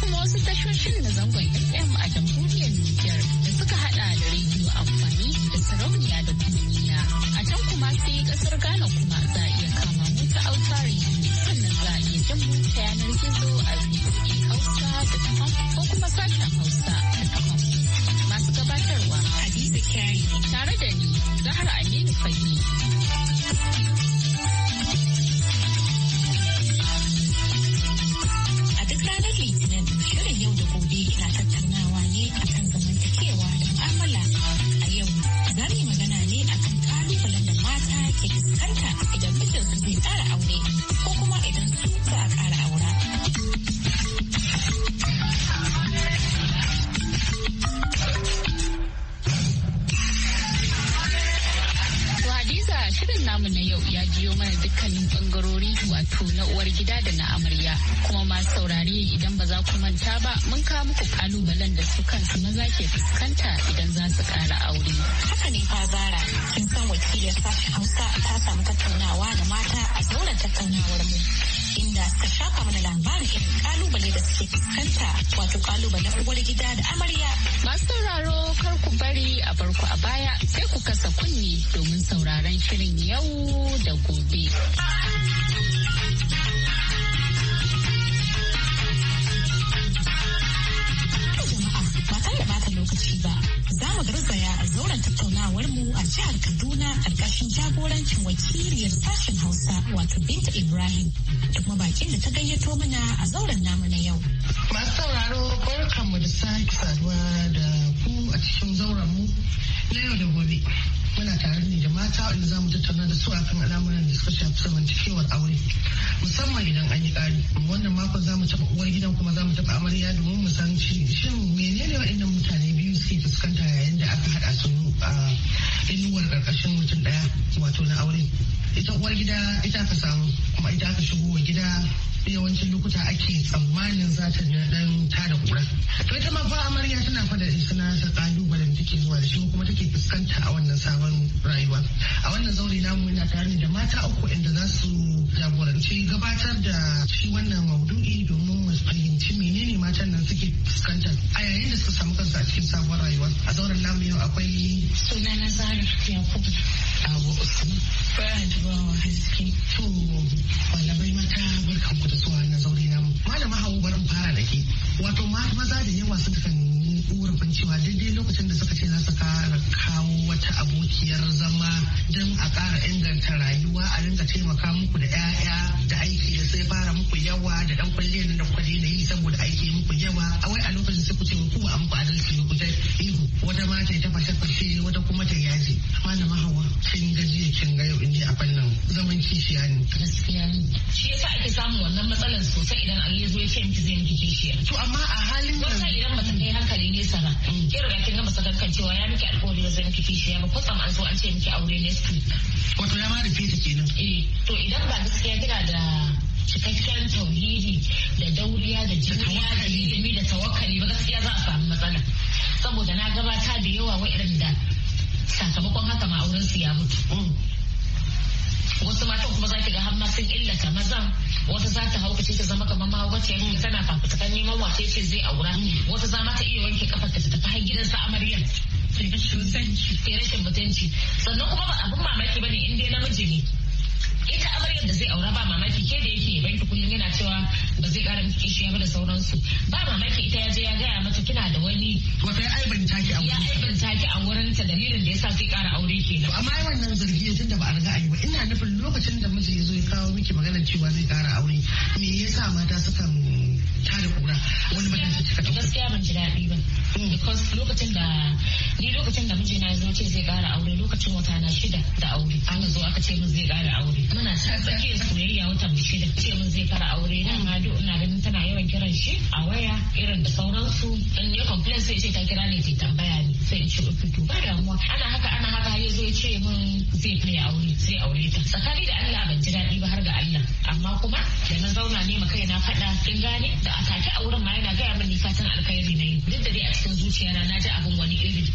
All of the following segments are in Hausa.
kuma wasu tashoshin na zangon FM a jamhuriyar Nijar da suka hada da rediyo amfani da sarauniya da duniya. A can kuma sai kasar Ghana kuma za a iya kama mu ta autari sannan za a iya jan mu ta yanar gizo a Hausa da kuma ko kuma sashen Hausa da kuma masu gabatarwa Hadiza Kyari tare da ni Zahra Aminu Fahimi. Alheri na tattaunawa ne akan zamantakewa da mu'amala a yau. Za mu yi magana ne akan kalubalen da mata ke fuskanta idan mijinsu zai tsara aure ko kuma idan su za a ƙara namu na yau ya jiyo mana dukkanin bangarori wato na uwar gida da na amarya kuma masu saurari idan ba za ku manta ba mun kawo muku kalubalen da su kansu maza ke fuskanta idan za su kara aure. Haka ne fa zara kin san wakilin sashen Hausa ta samu tattaunawa da mata a zauren tattaunawar mu. inda ka shafa mana labarin irin kalubale da suke fuskanta wato kalubalen uwar gida da amarya. Masu sauraro kar ku bari a barku a baya sai ku kasa kunni domin sauraron shirin yau da gobe. jihar Kaduna karkashin jagorancin wakiliyar sashen Hausa wato Binta Ibrahim da kuma bakin da ta gayyato mana a zauren namu na yau. Masu sauraro barkanmu da sake saduwa da ku a cikin zauren mu na yau da gobe. Muna tare ne da mata wanda za mu tattauna da su akan al'amuran da suka shafi zamantakewar aure musamman idan an yi ƙari. Wannan makon za mu taɓa uwar gidan kuma za mu taɓa amarya domin mu san shin menene waɗannan mutane biyu suke fuskanta yayin da aka haɗa su a ah, inuwar ƙarƙashin mutum ɗaya wato na aure ita uwar gida ita aka samu kuma ita aka shigo wa gida yawancin lokuta ake tsammanin za ta dan tada kura to ita ma fa amarya tana fada suna ta kalubalen da take zuwa da shi kuma take fuskanta a wannan sabon rayuwa a wannan zaure namu yana tare da mata uku inda za su jagoranci gabatar da shi wannan maudu'i domin mu fahimci menene matan nan suke fuskanta a yayin da suka samu kansu a cikin sabon rayuwa a zauren namu yau akwai sunana zara yakubu abu usman Jibawa Haske. To na zaure na Malama Hawu barin fara da ke. Wato maza da yawa suka kan yi korafin cewa daidai lokacin da suka ce za su kawo wata abokiyar zama don a ƙara inganta rayuwa a rinka taimaka muku da 'ya'ya da aiki da sai fara muku yawa da ɗan zaman kishiya ne. Gaskiya ne. Shi yasa ake samun wannan matsalar sosai idan an yi zo ya ce miki zai miki kishiya. To amma a halin nan. wannan idan mace kai hankali ne sana mm. Ki riga kin gama sakankan cewa ya miki alƙawari ya zai miki kishiya ba kwatsam an so an ce miki aure ne su. Wato ya ma rufe ta kenan. Eh to idan ba gaskiya kina da cikakken tauhidi da dauriya da jiniya da ilimi da tawakkali ba gaskiya za a samu matsala saboda na gabata da yawa da sakamakon haka ma auren su ya mutu mm. wasu matan kuma za ki ga har sun illata mazan wata za ta haukace ta zama kamar mahaukaciyar ne tana fafutukan neman wace ce zai aura wata za mata iya wanke kafar ta tafi har gidan sa amaryar ke rashin mutunci sannan kuma ba abin mamaki ba ne in dai namiji ne ita amaryar da zai aura ba mamaki ke da yake banki kullum yana cewa ba zai kara miki kishiya ba da sauransu ba mamaki ita ya je ya gaya mata kina da wani wata ya aibin taki a wurin ya aibin taki a wurin ta dalilin da ya sa zai kara aure kenan amma ai wannan zargi tun da ba a riga a yi ba ina nufin lokacin da miji ya zo ya kawo miki maganar cewa zai kara aure me yasa mata suka tare kura wani mutum gaskiya ban ji daɗi ba because lokacin da ni lokacin da mijina ya zo ce zai kara aure lokacin wata na shida da aure an zo aka ce min zai kara aure muna ta tsakiyar soyayya watan shida ce min zai kara aure na ma duk ina ganin tana yawan kiran shi a waya irin da sauransu in ya complain sai ce ta kira ne ta tambaya ne sai in ce fito ba damuwa ana haka ana haka ya zo ya ce min zai kai aure zai aure ta tsakani da Allah ban ji daɗi ba har ga Allah amma kuma da na zauna ne ma kai na faɗa kin gane da a take auren ma yana gaya mani ni fatan alkhairi ne duk da dai a cikin zuciya na naji abin wani iri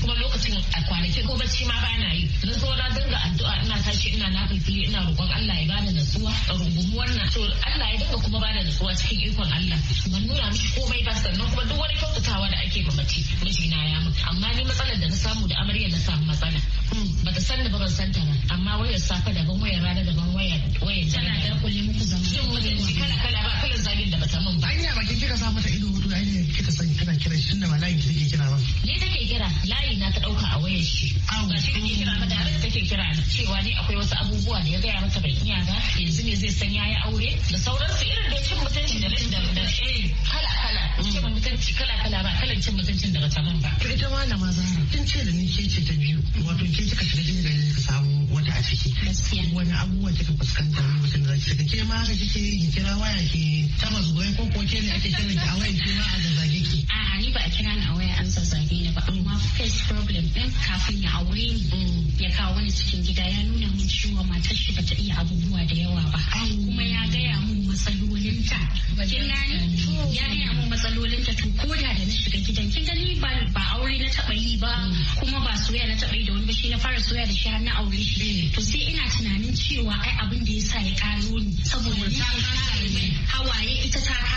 kuma lokacin a kwanaki ko bacci ma na yi na zo na dinga addu'a ina tashi ina na fili ina roƙon Allah ya bada natsuwa a rungumu wannan to Allah ya dinga kuma bani natsuwa cikin ikon Allah kuma nuna mishi komai ba sannan kuma duk wani kyautatawa da ake ma mace mijina ya mu amma ni matsalar da na samu da amarya na samu matsala hmm, bata san da ban san ta ba amma wayar safa daban wayar rana daban wayar wayar jana da kullum muku zama shin mutunci kala kala ba kullun zagin da bata mun ba anya ba kika sa mata ido layi kika sani kana kira shi tunda ba layin ki take kira ba. Ni take kira layi na ta ɗauka a wayar shi. Awo. Ga shi take kira ba da harin take kira ni cewa ne akwai wasu abubuwa da ya gaya mata bai iya ba yanzu ne zai san yayi aure da sauransu irin da cin mutunci da rashin eh, da da kala kala. Cin mm. mutunci kala kala ba kalan cin mutuncin daga taman ba. To ita malama Zahra kin ce da ni ke ce ta biyu wato ke kika shiga jin gari ka samu wata a ciki. Gaskiya. Wani abubuwan kika fuskanta lokacin da kika ke ma haka kike kira waya ke tabas ko ko ke ne ake kiran ki a wayar ki kira a gaba A'a ni ba a kira ni a waya an zazzage ni ba amma face problem ɗin kafin ya aure ni ya kawo wani cikin gida ya nuna min cewa matar shi ta iya abubuwa da yawa ba. Kuma ya gaya min matsalolinta. Kin gani? Ya gaya min matsalolinta to ko da da na shiga gidan kin gani ba ba aure na taɓa yi ba mm. kuma ba soyayya na taɓa yi da wani ba shi na fara soyayya da shi har na aure shi. Mm. To sai ina tunanin cewa ai abin da ya sa ya karo ni saboda ni hawaye ita ta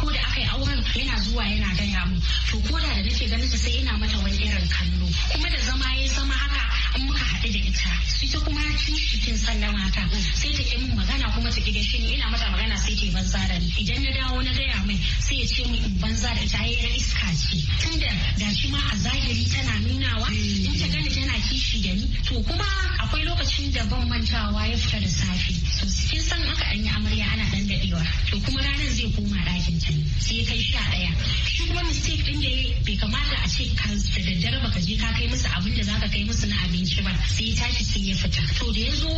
ko da aka yi auren yana zuwa yana gaya mu to ko da da nake ganin ta sai ina mata wani irin kallo kuma da zama ya zama haka in muka haɗu da ita ita kuma kishi kin sallama ta sai ta ke min magana kuma ta gida shi ne ina mata magana sai ta banza da ni idan na dawo na gaya mai sai ya ce mu in banza da ita yi iska ce tunda shi ma a zahiri tana nunawa eh. in ta gani tana kishi da ni to kuma akwai lokacin da ban mantawa ya fita da safe to kin san haka an yi amarya kuma koma ɗakin can sai kai sha ɗaya shi kuma mistake ɗin da bai kamata a ce ka da daddare baka je ka kai musu abin da zaka kai musu na abinci ba sai tashi sai ya fita to da ya zo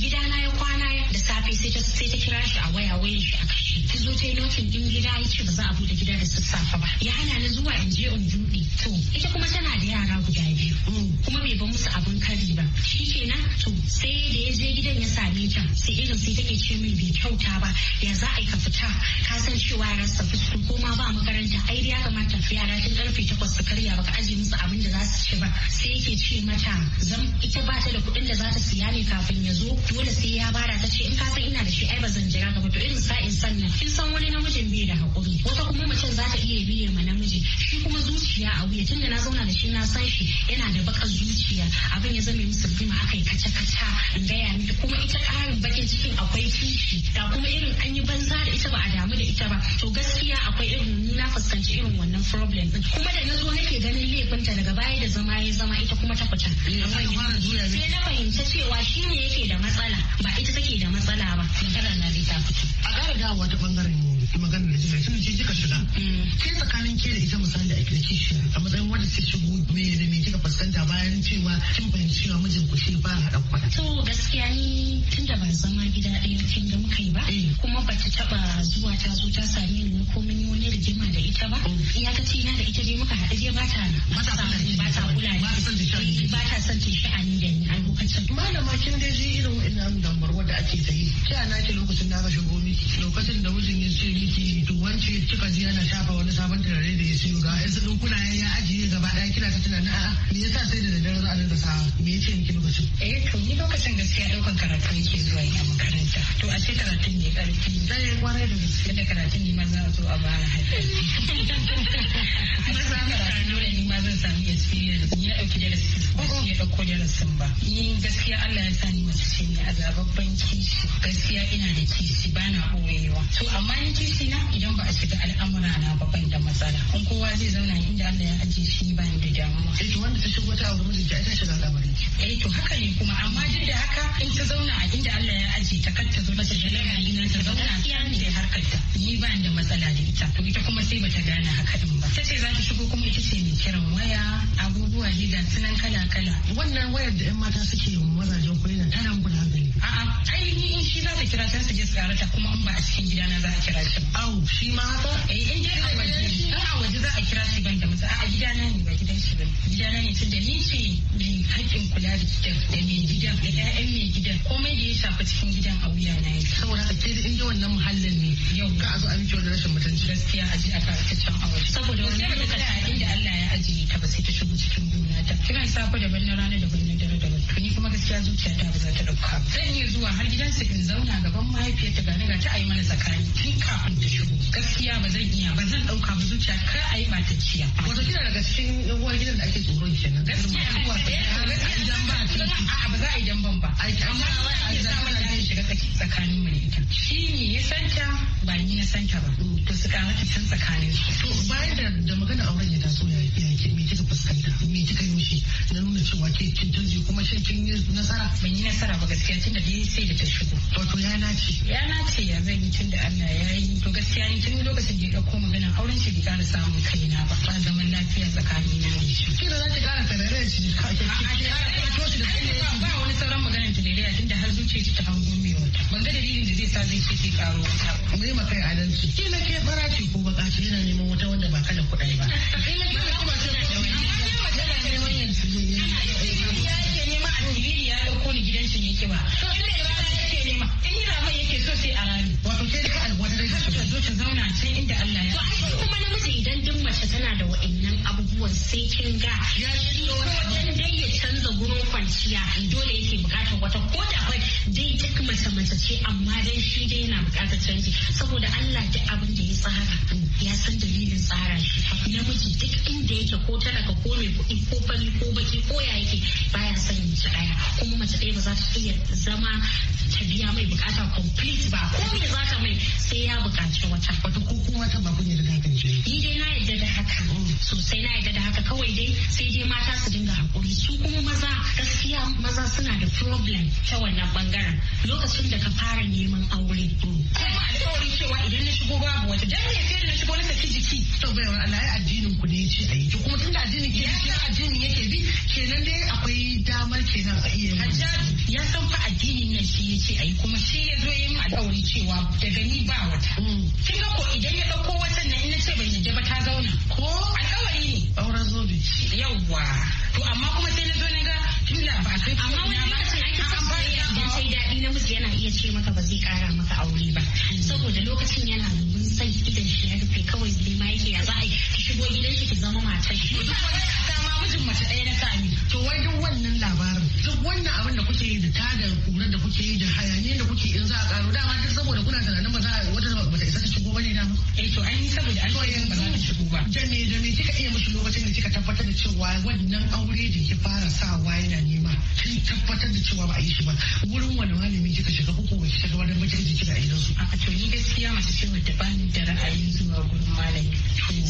gidana ya kwana da safe sai ta sai ta kira shi a waya wayan shi a kashe ta zo ta yi nokin ɗin gida ya ce ba za a buɗe gida da sassafe ba ya hana ni zuwa in je in to ita kuma tana da yara guda biyu mm. kuma bai ba musu abin kari ba shikenan to sai da ya je gidan ya same ta sai irin sai take ce min bai kyauta ba ya za a yi ka fita ka san cewa ya sa fito ko ma ba makaranta ai ya kamata yara tun karfe takwas su karya ba ka ajiye musu abin da za su ci ba sai yake ce mata zan ita ba ta da kuɗin da za ta siya ne kafin ya zo dole sai ya bara ta ce in ka san ina da shi ai ba zan jira ka to irin sa'in sannan kin san wani namijin bai da hakuri wata kuma macen za ta iya biye ma namiji shi kuma zuciya a ya tunda na zauna da shi na san shi yana da bakar zuciya abin ya zame musu rigima akai kaca kaca in gaya miki kuma ita karin bakin cikin akwai kishi ga kuma irin an yi banza da ita ba a damu da ita ba to gaskiya akwai irin ni na fuskanci irin wannan problem din kuma da na zo nake ganin laifinta daga baya da zama ya zama ita kuma ta kwata eh, sai na fahimci cewa shi ne yake da matsala ba ita take da matsala ba magana na dai ta fito a ƙara dawowa ta bangaren magana da kika ji jika shiga mm. ke tsakanin ke da ita misali a da shi a matsayin wanda ta shigo me da mai kika fuskanta bayan cewa kin fahimci cewa mijin ku shi ba haɗa kwata. To gaskiya ni tun da ban zama gida ɗaya kin da muka yi ba eh. kuma ba ta taɓa zuwa ta zo ta same ni ko mun yi wani rigima da ita ba. Ya ta ce na da ita dai muka haɗu je ba ta ba ta kula ni ba ta kula ni ba ta son ta sha'ani da ni a lokacin. Malama kin dai ji irin wa'annan dambarwa da ake ta yi. Kya na ki lokacin na ka shigo miki lokacin da mijin ya ce miki to wance kika ji yana shafa wani sabon turare da ya siyo ga 'yan su ɗinkuna ya ya ajiye gaba ɗaya kina ta tunanin a'a me yasa sai da daddare za a dinga sa. me yace miki lokacin eh to ni lokacin gaskiya ɗaukan karatu yake zuwa yi a makaranta to a ce karatun ne eh, ƙarfi zai kwarai da gaske da karatun ne ma za a zo a bara haɗari ma zan samu experience ni na dauki darasi ya ɗauko darasin ba ni gaskiya Allah ya sa ni mace ce ne a zababban kishi gaskiya ina da kishi ba na ɓoyewa to amma ni kishi na idan ba a shiga al'amura na ba ban da matsala in kowa zai zauna inda Allah ya na shi ba da damuwa. Eh to wanda ta shigo ta auri mijinta ita shiga labarin. ki. Eh to haka ne kuma amma duk da haka in ta zauna a inda Allah ya ajiye ta kar ta zo mata da ta zauna iya ne harkar ta. Ni ba da matsala da ita. To ita kuma sai bata gane haka din ba. Ta ce za ta shigo kuma ita ce mai kiran waya abubuwa ne da sunan kala-kala. Wannan wayar da 'yan mata suke yi mazajen kwanan tana muku da hankali. A'a ainihin in shi za ta kira ta su je su kuma in ba a cikin gidana za a kira shi. Au shi ma haka? Eh in je a waje a gidana ne san shi gidana ne tunda ni ce mai haƙƙin kula da gidan da mai gidan da ƴaƴan mai gidan komai da ya shafi cikin gidan a wuya na yi saboda haka ke in wannan muhallin ne yau ka a zo a miki rashin mutunci gaskiya a ji a karkataccen a waje saboda wannan a inda Allah ya ajiye ta ba sai ta shigo cikin gona ta kira safa daban na rana daban na dare daban to ni kuma gaskiya zuciya ta ba za ta ba. zan iya zuwa har su in zauna gaban mahaifiyarta ga ni ga ta ayi mana tsakani tun kafin ta shigo gaskiya ba zan iya ba zan dauka ba zuciya kar ayi ba ta ciya wato kina daga cikin uwar gidan da ake tsoron kenan gaskiya a ba za a ba ya sa mata ya shiga tsakanin mu ne ya santa ba ni na santa ba da ya me me yi na nuna cewa ke kin kuma nasara ban yi nasara ba dai sai da ta shigo wato ya ya ya Allah ya yi to tun lokacin da ya dauko magana auren shi bai kara samun kaina ba ba zaman lafiya tsakanina kira za ta kara tarare shi a shi da ba wani sauran maganar tarare tun da har zuciya ta hango ban ga dalilin da zai sa zai ce karo wata mu yi ke ko yana neman wata wanda ba kada kuɗai ba ke yana neman yanzu ke a tiriri ya ni gidan shi yake ba in a rami wato sai zauna can inda Allah mace tana da wa'annan abubuwan sai kin ga ya shi wajen dai ya canza gurin kwanciya dole yake bukatar wata ko da kai dai duk mace mace ce amma dai shi dai yana bukatar canji saboda Allah duk abin da ya tsara ya san dalilin tsara shi namiji duk inda yake ko ka ko mai kuɗi ko fari ko baki ko ya yake baya son mace ɗaya kuma mace ɗaya ba za ta iya zama ta biya mai bukata complete ba ko me za ta mai sai ya bukaci wata wata ko kuma wata ba kun kan rigakafin ni dai na yadda da haka sosai na yadda da haka kawai dai sai dai mata su dinga hakuri su kuma maza gaskiya maza suna da problem ta wannan bangaren lokacin da ka fara neman aure kuma alƙawarin cewa idan na shigo babu wata dan ne sai na shigo na saki jiki to bai wa Allah addinin ku ne yace ayi ki kuma tunda addinin ke yace addinin yake bi kenan dai akwai damar kenan a iya Hajjaji ya san fa addinin ne shi yace ayi kuma shi ya zo yin alƙawari cewa daga ni ba wata mm. kin ga ko idan ya dauko wata nan in na ce ban yaje ba ta zauna ko alkawari ne auren zobe yawwa to amma kuma sai na zo na ga tunda ba kai amma wani lokacin aiki san ba ya dan sai dadi namiji yana iya ce maka ba zai kara maka aure ba hmm. saboda lokacin yana mun sai idan shi ya rufe kawai zai ma yake ya za a ki shigo gidan shi ki zama matar shi duk wani mijin mace ɗaya na sami to wai duk wannan labarin duk wannan abin da kuke yi da ta da kurar da kuke yi da hayaniyar da kuke in za a karo dama duk saboda kuna tunanin ba za a wata ba ta isa wani na eh to an saboda an ce ba za ta shigo ba jami jami kika iya mushi lokacin da kika tabbatar da cewa wannan aure da ki fara sawa yana nema kin tabbatar da cewa ba a yi shi ba wurin wani malami kika shiga ko ba ki shiga wani majalisi kika idan su a to ni gaskiya mace ce wadda ba ni da ra'ayin zuwa gurin malami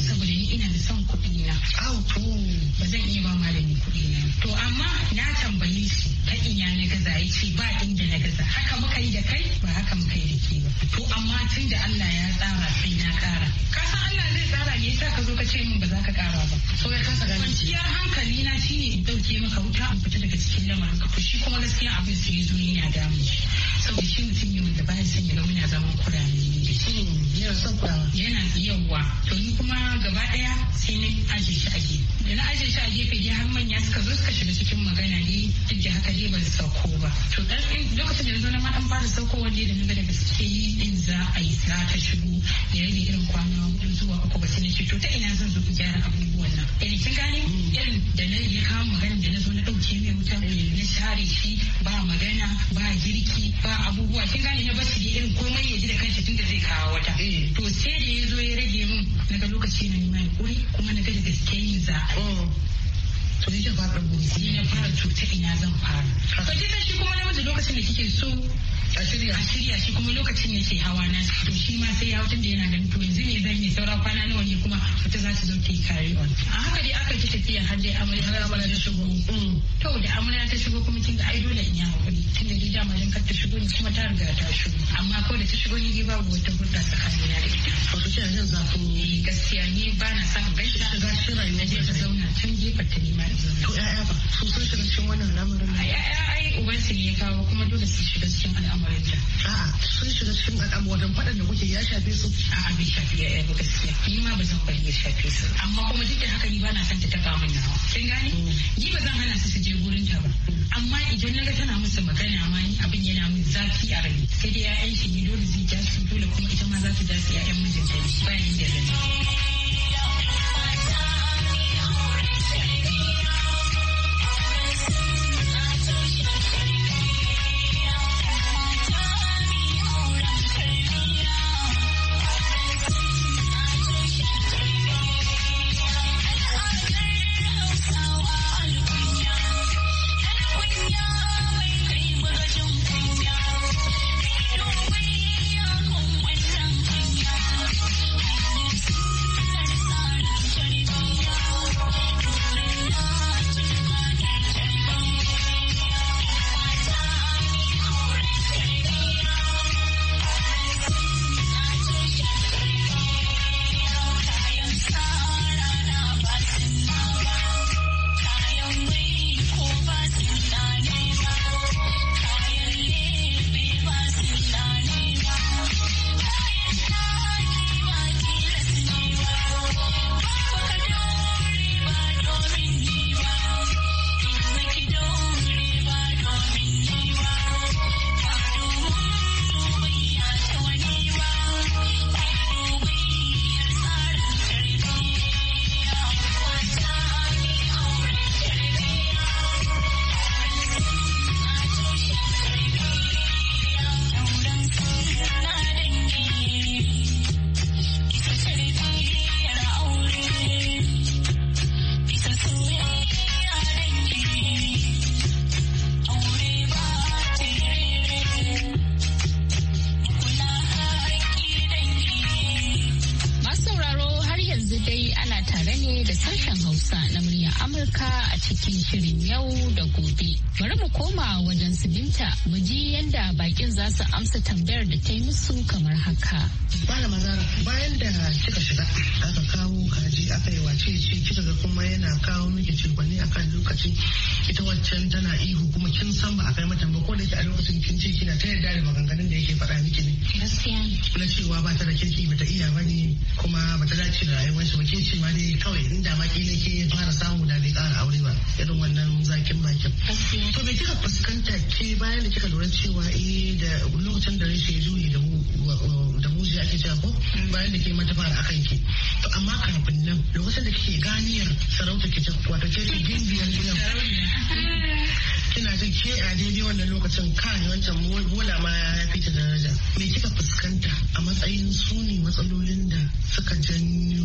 saboda ni ina da son kuɗi na Aw to ba zan iya ba malami kuɗi na to amma na tambaye shi ta iya na gaza ya ce ba inda na gaza haka muka yi da kai ba haka muka yi da ke ba to amma tun da Allah ya tsara kara na kara ka san Allah zai tsara me yasa ka zo ka ce min ba za ka kara ba so ya kasa gani kwanciyar hankali na shine in dauke maka wuta in fita daga cikin lamarin ka fushi kuma gaskiya abin sai zo yana damu shi saboda shi mutum ne wanda ya son ya ga muna zaman kurare. Hmm, yana son kurawa yana yawa to ni kuma gaba ɗaya sai na ajiye shi a gefe da na ajiye shi a gefe dai har manya suka zo suka shiga cikin magana ne duk da haka dai ban sauko ba to ɗan lokacin da zo na ma ɗan fara sauko wanda da na ga daga suke yi din za a yi za ta shigo da irin kwana zuwa uku ba sai to ta ina zan zo ku gyara abubuwan nan irin eh, kin gani mm. irin da na ya kawo magana da na zo na ɗauke mai wuta mm. na share shi ba magana ba girki ba abubuwa kin gani na basu dai irin komai ya ji da kanshi da zai kawo wata mm. to sai da ya zo ya rage min na ga lokaci na nima ya kuma na ga da gaske yin za a Hum. to ni zan fara guri sai na fara to ta ina zan fara to kina shi kuma namiji lokacin da kike so a shirya a shirya shi kuma lokacin yake hawa na to shi ma sai ya hutun da yana ganin to yanzu ne zan yi saura kwana nawa ne kuma wata za ta zo ta yi carry on a haka dai aka ki tafiya har dai amarya ta shigo to da amarya ta shigo kuma kin ga ai dole in yi hakuri tun da gida ma kar ta shigo ni kuma ta riga ta shigo amma ko da ta shigo ni dai babu wata hudda tsakanin na da ita wato kina jin zafin eh, gaskiya ni ba na son Gaskiya ta za ta shirya ta zauna can gefen ta ne ma to yaya ba su sun shiga cikin wannan lamarin ne yaya ai uban su ne ya kawo kuma dole su shiga cikin al'amarin ta a'a sun shiga cikin al'amarin faɗan da kuke ya shafe su a'a bai shafe yaya ba gaskiya ni ma ba zan bari ya shafe su amma kuma duk da haka ni ba na son ta taɓa min nawa kin gane mm. ni ba zan hana su su je gurin ta ba amma idan na ga tana musu magana ma ni abin yana min zafi a rai sai dai ƴaƴan shi ni dole zai ja su dole kuma ita ma za ta ja su ƴaƴan mijinta ne bayan da zan mu ji yadda bakin za su amsa tambayar da ta yi musu kamar haka. malama mazara bayan da kika shiga aka kawo kaji aka yi wace ce kika ga kuma yana kawo miki cigwani akan lokaci ita waccan tana ihu kuma kin san ba a kai mata ba ko da ke a lokacin kin ce kina ta yarda da maganganun da yake faɗa miki ne gaskiya na cewa ba ta da kirki ba ta iya ba ne kuma ba ta dace da rayuwar shi ba ke ce ma dai kawai da ma kila ke fara samu da bai ƙara aure ba irin wannan zakin bakin to me kika fuskanta ke bayan da kika lura cewa eh da lokacin da rashin ya juye da mu ji ake cewa ko bayan da ke mata fara akan ki to amma kafin nan lokacin da kike ganiyar sarauta ke wato ke ta gindiyar gidan kina jin ke a daidai wannan lokacin kan wancan bola ma ya fi ta daraja me kika fuskanta a matsayin su ne matsalolin da suka janyo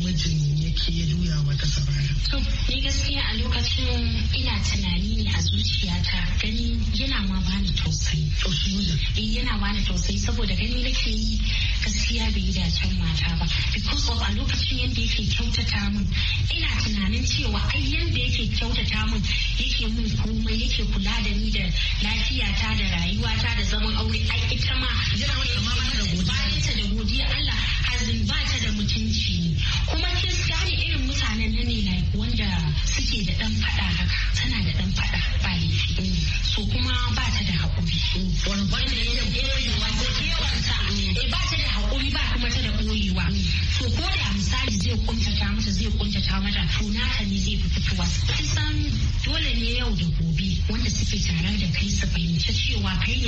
mijin yake ya juya wata sabara to ni gaskiya a lokacin ina tunani ne a zuciyata gani yana ma bani tausayi to shi eh, yana ni tausayi saboda gani nake yi gaskiya bai yi dacen mata ba because of a lokacin yadda yake kyautata min ina tunanin cewa ai yadda yake kyautata min yake mun ko kuma yake kula da ni da lafiyata da rayuwata da zaman aure ai ita ma jira wani amma da gobe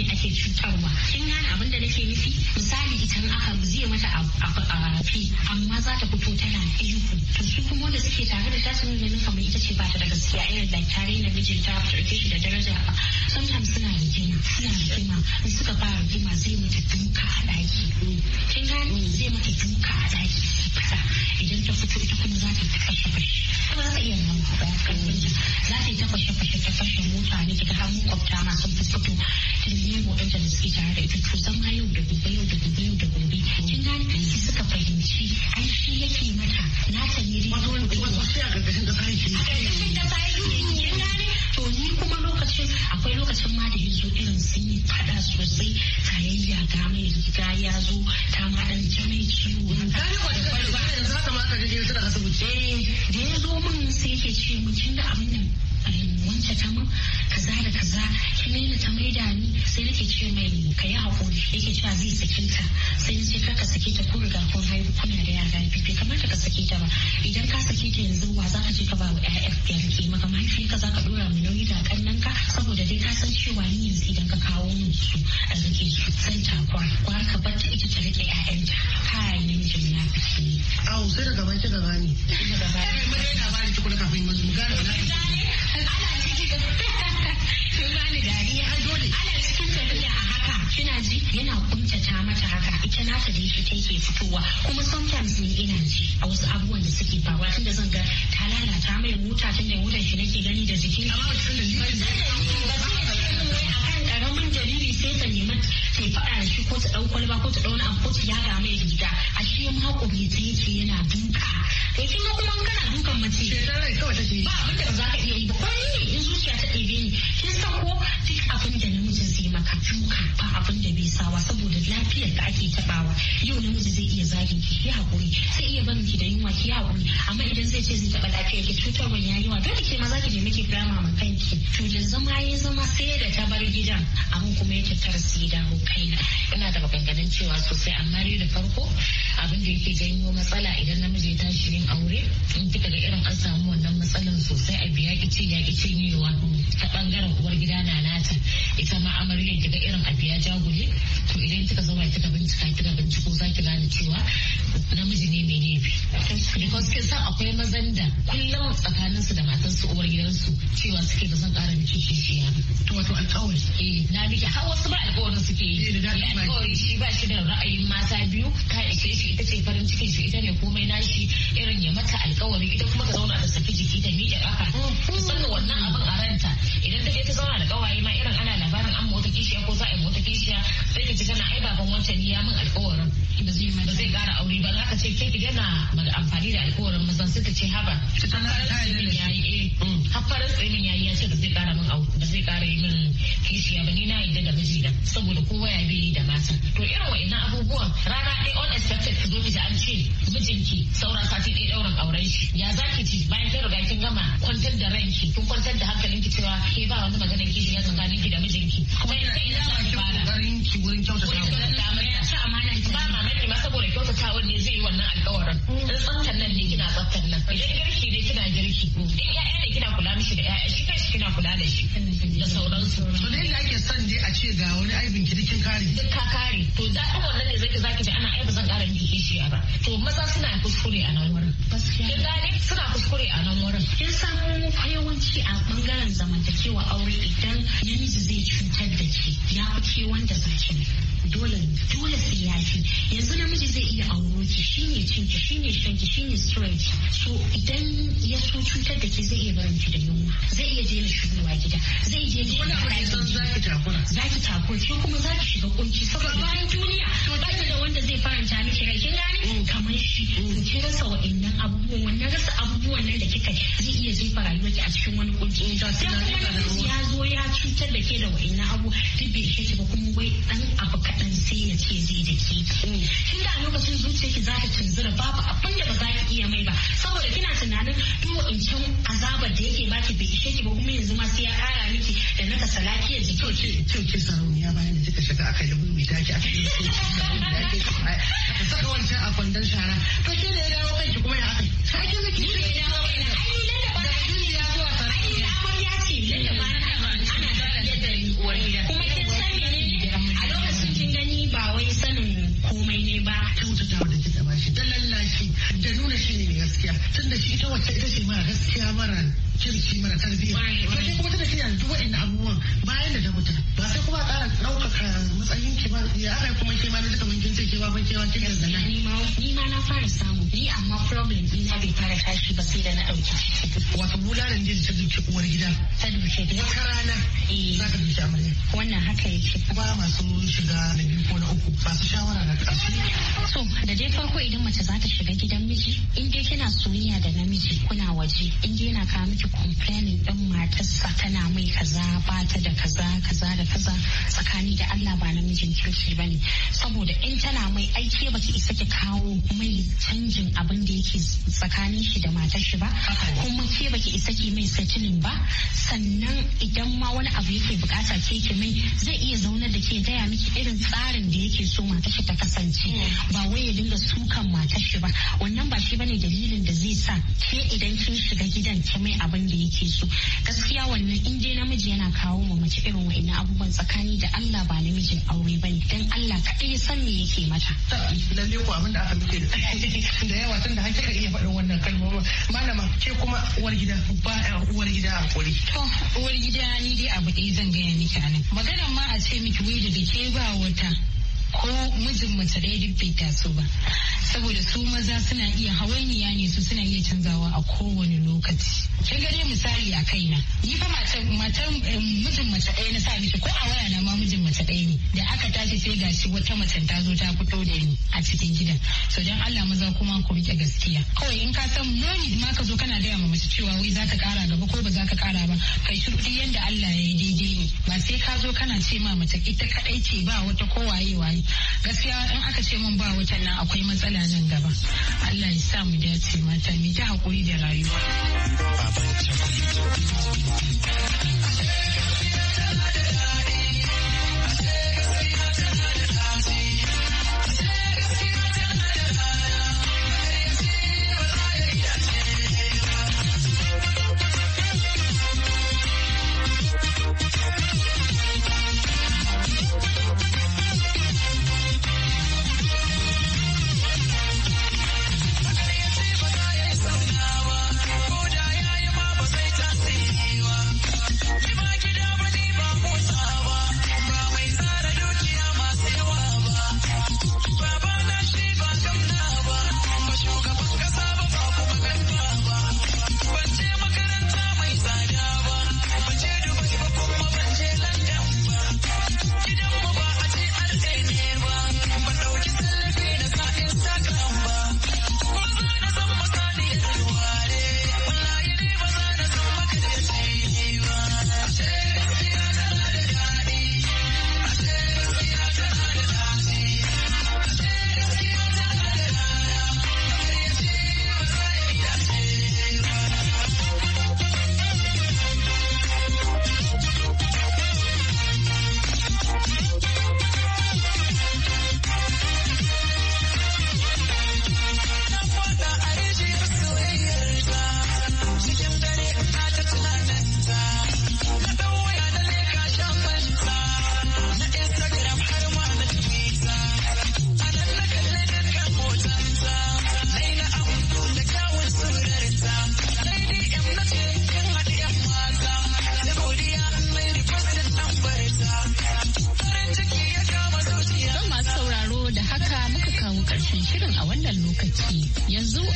ne ake cutarwa kin gane abin da nake nufi misali idan aka zai mata a fi amma za ta fito tana ihu to su kuma wanda suke tare da tasu ganin kamar ita ce ba ta da gaskiya irin da tare na mijin ta ba ta shi da daraja ba sometimes suna rigima suna rigima in suka fara rigima zai mata duka a daki kin gane zai mata duka a daki fada idan ta fito ita kuma za ta ta kashe kashe ba za ta iya nan ba za ta yi ta fashe fashe ta fashe mota ne ta har makwabta ma sun fito tambayi waɗanda da suke tare da ita to zama yau da gobe yau da gobe yau da gobe kin gane sai suka fahimci ai shi yake mata na ta ne wani wasu sai a ƙarƙashin ƙasa yake a ƙarƙashin ƙasa yake kin gane to ni kuma lokacin akwai lokacin ma da yazo irin sun yi fada sosai tayayya ga mai riga ta ma dan ji ta ne ba ta ba yanzu haka ma ka je ta da asibiti eh min sai yake ce mu kin wance ta mun kaza da kaza ne ta maida ni sai nake ce mai ka yi hakuri yake cewa zai sake ta sai ni ce kaka sake ta ko riga kun haihu kuna da yara biyu bai kamata ka sake ta ba idan ka sake ta yanzu wa za ka je ka ba wa ƴaƴan ka rike za ka dora mu nauyi da kannan ka saboda dai ka san cewa ni yanzu idan ka kawo min su a rike su san takwa kwar ka bar ta ita ta rike ƴaƴanta kai namijin na fiki Awo sai daga gaba ne. Daga baki. Eh, mun yi Ina tukuna kafin mu kina ji yana kuntata mata haka ita nata da ta yake fitowa kuma sometimes ina ji a wasu abubuwan da suke faruwa tunda zan ga ta lalata mai mota tunda motar shi nake gani da jikin amma ba ta da dalili ba ta da dalili akan karamin dalili sai ta nemi ke faɗa da shi ko ta ɗau kwalba ko ta ɗau wani abu ko ta yaga mai riga a shi ma ta yake yana duka to kin ma kuma kana dukan mace shekarar kawai take ba abin da za ka iya yi ba ko ni in zuciya ta ɗebe ni kin san ko duk abin da namiji zai maka duka ba abin da bai sawa saboda lafiyar da ake tabawa yau namiji zai iya zagin ki yi hakuri sai iya barin ki da yunwa ki hakuri amma idan zai ce zai taɓa lafiyar ki cutar ya yi dole ke ma zaki ki nemi ki drama ma kanki to da zama ya zama sai da ta bar gidan abin kuma ya tattara sai dawo kaina ina da maganganun cewa sosai amma dai da farko abin da yake janyo matsala idan namiji ya tashi yin aure in kika ga irin an samu wannan matsalan sosai a biya ce ya ki wa ta bangaren uwar gida na nata ita ma amaryar kiga irin a biya jagule to idan kika zama kika bincika kika binciko za ki gane cewa namiji ne mai laifi because kin san akwai mazan da kullum tsakanin su da matan su uwar gidansu cewa suke da son ƙara miki kishiya to wato alƙawari eh na miki har wasu ba alƙawarin suke yi eh, alƙawari shi ba shi da ra'ayin mata biyu ka ishe shi ita ce farin cikin shi ita ne komai nashi irin ya mata alƙawari ita kuma ta zauna da saki jiki ta miƙe ƙafa musamman mm-hmm. wannan abin a ranta idan ta je ta zauna da ƙawaye ma irin ana labarin an mota kishiya ko za a yi mota kishiya ka ji kana ai baban wancan ya min alkawarin ba zai kara aure ba aka ce ke ki da amfani da alkawarin mazan suka ce haba eh. mm. hafarin tsimin yayi ya ce ba zai kara min ba zai kara yi min kishiya ba ni na yi da mijina saboda kowa ya bi da mata to irin wa'annan abubuwan an ce mijinki sauran sati ɗaya ɗaurin auren shi ya zaki ci bayan kai riga kin gama kwantar da ranki kun kwantar da hankalinki cewa ke ba wani magana kishi ya tsakanin ki da mijinki kuma ina ina ina ina ina ina ina ina kyautata ina ina ina ina ina ba ina ina saboda ina ina ne zai yi wannan ina ina ina nan ne kina ina nan idan girki ne kina girki ina ina ina kina kula mishi ina ina shi ina kina kula da shi da ina to da ina ake son ina a ce ina ina aibin ki ina ina ina ina ina ina ina ina ne ina ina ina ana ina zan ina ina ina ina to maza suna kuskure a nan wurin kin gane suna kuskure a nan wurin kin samu yawanci a bangaren zamantakewa aure idan namiji zai cutar da ke ya fice wanda zaki dole dole sai ya fi yanzu namiji zai iya auro ki shine cin ki shine shan ki shine stress so idan ya so cutar da ke zai iya barin ki da yunwa zai iya jela shigowa gida zai je ji wani abu zan ki takura zaki takura ki kuma zaki shiga kunci saboda bayan duniya ba da wanda zai faranta miki rai kin gane kamar shi su ki rasa wa'annan abubuwan wannan rasa abubuwan nan da kika zai iya jefa rayuwarki a cikin wani kunci da kuma ya zo ya cutar da ke da wa'annan abu duk bai shi ba kuma wai dan abu kaɗan sai ya ce zai da ke tun mm. da a lokacin zuciyarki za ta tunzura babu abin da ba za ki iya mai ba saboda kina tunanin duk wa'ancan azabar da yake baki bai ishe ki ba kuma yanzu ma sai ya ƙara miki da naka kasa jiki. To ce to ce sarauniya bayan da kika shiga aka yi mai daki aka yi mai daki aka saka wancan abu kwandon shara to ke da ya dawo kanki kuma ya aka sake miki ne ya dawo kai na ai ne da ba da duni ya ai na amarya ce ne da ba na ana da yadda ni uwar gida kuma kin sani ne a lokacin kin gani ba wai sanin komai ne ba kyautatawa da kika ba shi da da nuna shi ne gaskiya tunda shi ita wacce ita ce mara gaskiya mara kirki mara tarbiyya to kuma tana kiyaye duk waɗannan abubuwan da da mutum ba sai kuma ƙara ɗaukaka matsayin ki ba ya ara kuma ke ma duka mun kince ke ba ban ke ma kin da na ni ma ni ma na fara samu ni amma problem din na bai fara tashi ba sai da na ɗauki wato lalan din ta duke uwar gida ta duke wata rana eh. za ka duke amarya wannan haka yake ba masu shiga na biyu ko na uku ba su shawara na ƙarshe so da dai farko idan mace za ta shiga gidan miji in dai kina soyayya da namiji kuna waje in dai yana kawo miki complaining din matarsa tana mai kaza ba ta da kaza kaza kaza da kaza tsakani da Allah ba namijin kirki ba ne saboda in tana mai aiki ba ki isa ki kawo mai canjin abin da yake tsakanin shi da matar shi ba kuma ke ba ki isa ki mai satilin ba sannan idan ma wani abu yake bukata ke ki mai zai iya zaunar da ke gaya miki irin tsarin da yake so matar shi ta kasance mm. ba wai ya dinga sukan matar shi ba wannan ba shi bane dalilin da zai sa ke idan kin shiga gidan ki mai abin da yake so gaskiya wannan in dai namiji yana kawo ma mace irin wa'annan abubuwan tsakani da Allah ba namijin aure ba ne dan Allah kaɗai san me yake mata. Lalle ko abin da aka muke da yawa tun da hankali iya faɗin wannan ba. malama ke kuma uwar gida ba uwar gida a kuri. To uwar gida ni dai abu ɗaya zan gaya miki anan. Maganar ma a ce miki wai da ke ba wata ko mijin mace ɗaya duk bai taso ba saboda su maza suna iya hawainiya ne su suna iya canzawa a kowane lokaci kin gare misali a kaina ni fa matar mijin mace ɗaya na sa miki ko a waya na ma mijin mace ɗaya ne da aka tashi sai gashi wata mace ta zo ta fito da ni a cikin gidan so dan Allah maza kuma ku rike gaskiya kawai in ka san moni ma ka zo kana daya ma mace cewa wai zaka kara gaba ko ba zaka kara ba kai shiru yanda Allah ya yi daidai ne ba sai ka zo kana ce ma mace ita kadai ce ba wata ko waye waye yi gaskiya in aka ce mun ba watan nan akwai matsala nan gaba Allah ya sa mu dace mata mu ta hakuri da rayuwa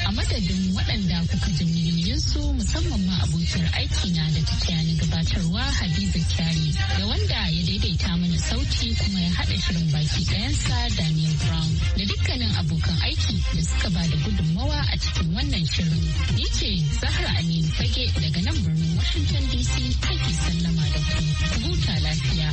a madadin waɗanda kuka ji miliyoyinsu musamman ma abokiyar aiki na da ta na gabatarwa Hadiza Kyari da wanda ya daidaita mana sauti kuma ya haɗa shirin baki ɗayansa Daniel Brown da dukkanin abokan aiki da suka ba da gudunmawa a cikin wannan shirin. Ni ce Zahra Aminu Fage daga nan birnin Washington DC ake sallama da ku. Huta lafiya.